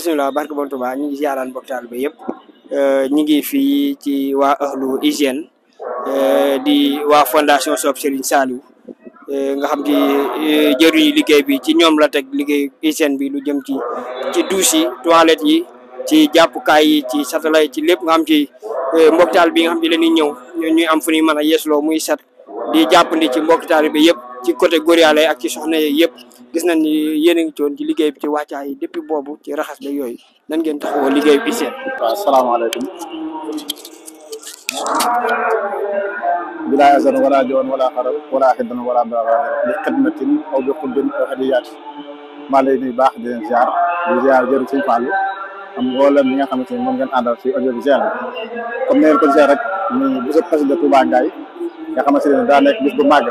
bisimilah barke bon Touba ñu ngi ziaraan mbokk taal bi yëpp euh, ñu ngi fii ci waa ahlu hygiène euh, di waa fondation Sopp Serigne Saliou euh, nga xam ci jëriñu liggéey bi ci ñoom la teg liggéey hygiène bi du jëm ci ci douche yi toilette yi ci jàppukaay yi ci satala yi ci lépp nga xam ci mbokk bi nga xam ci la ñuy ñëw ñuy am fu ñuy mën a yeesloo muy set di jàppandi ci mbokk taal bi yëpp. ci côté gorialay ak ci soxna yépp gis nañ ni yéen a ngi ci woon ci liggéey bi ci wàccaay yi depuis bobu ci raxas la yoy nan ngeen taxo liggéey bi seen. waaw salaamaaleykum. wala أذن wala جون wala قرب ولا حد ولا بغاض بخدمة أو بقلب أو هديات ما لي باخ دي ziar دي ziar جير ci fallu am mbolam mi nga xamanteni mom ngeen andal ci audio bi ziar comme neer ko ziar rek ni bu sa passe de touba ngay nga xamanteni da nek bis bu mag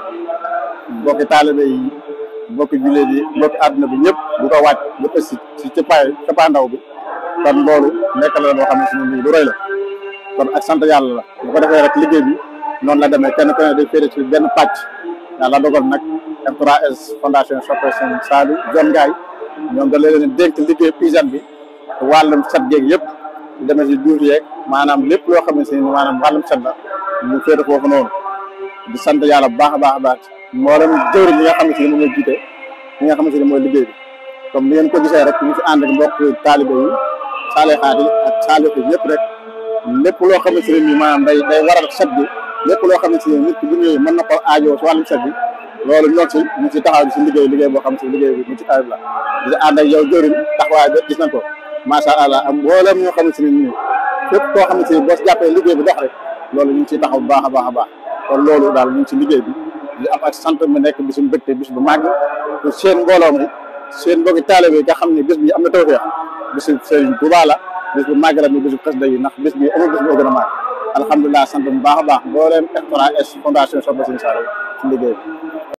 mbokki taalibe yi mbokki jullit yi mbokki àdduna bi ñëpp bu ko wàcc ba ëssi si cëppaay cëppaandaw bi kon loolu nekk la loo xam ne suñu lii lu rëy la kon ak sant yàlla la bu ko defee rek liggéey bi noonu la demee kenn ku ne benn pàcc yàlla dogal nag M3S fondation Soppe Serigne Saliou John Ngaye ñoom da leen dénk liggéey hygiène bi wàllum set géeg yëpp demee si duur yeeg maanaam lépp loo xam ne si maanaam wàllum set la ñu féete foofu noonu di sant yàlla bu baax a baax a baax mboolem jëwriñ ñi nga xamante ni moom la jiite ñi nga xamante ni mooy liggéey bi comme ni ngeen ko gisee rek ñu fi ànd ak mbokk taalibe yi saalixaat yi ak saalix yi ñëpp rek lépp loo xamante ne nii maanaam day day waral set bi lépp loo xamante ne nit ki bu ñëwee mën na ko aajoo si wàllum set bi loolu ñoo ci ñu ci taxaw ci liggéey liggéey boo xam ci liggéey bi mu ci ayib la di ànd ak yow jëriñ taxawaay bi gis nañ ko macha allah am mboolem ñoo xamante ne nii fépp koo xamante ni boo si jàppee liggéey bi dox rek loolu ñu ngi ciy taxaw bu baax a baax a baax kon loolu daal ñu ngi ci liggéey bi di am ak sant mu nekk bisu mbégte bis bu màgg pour seen mbooloo mi seen mbokki taalibe yi nga xam ne bis bi am na tawfeex bisu Sëriñ Tuubaa la bis bu màgg la mi bisu xasida yi ndax bis bi amul bis boo gën sant bu baax a baax mbooleem F3S fondation Soxna Sëriñ Saliou ci liggéey bi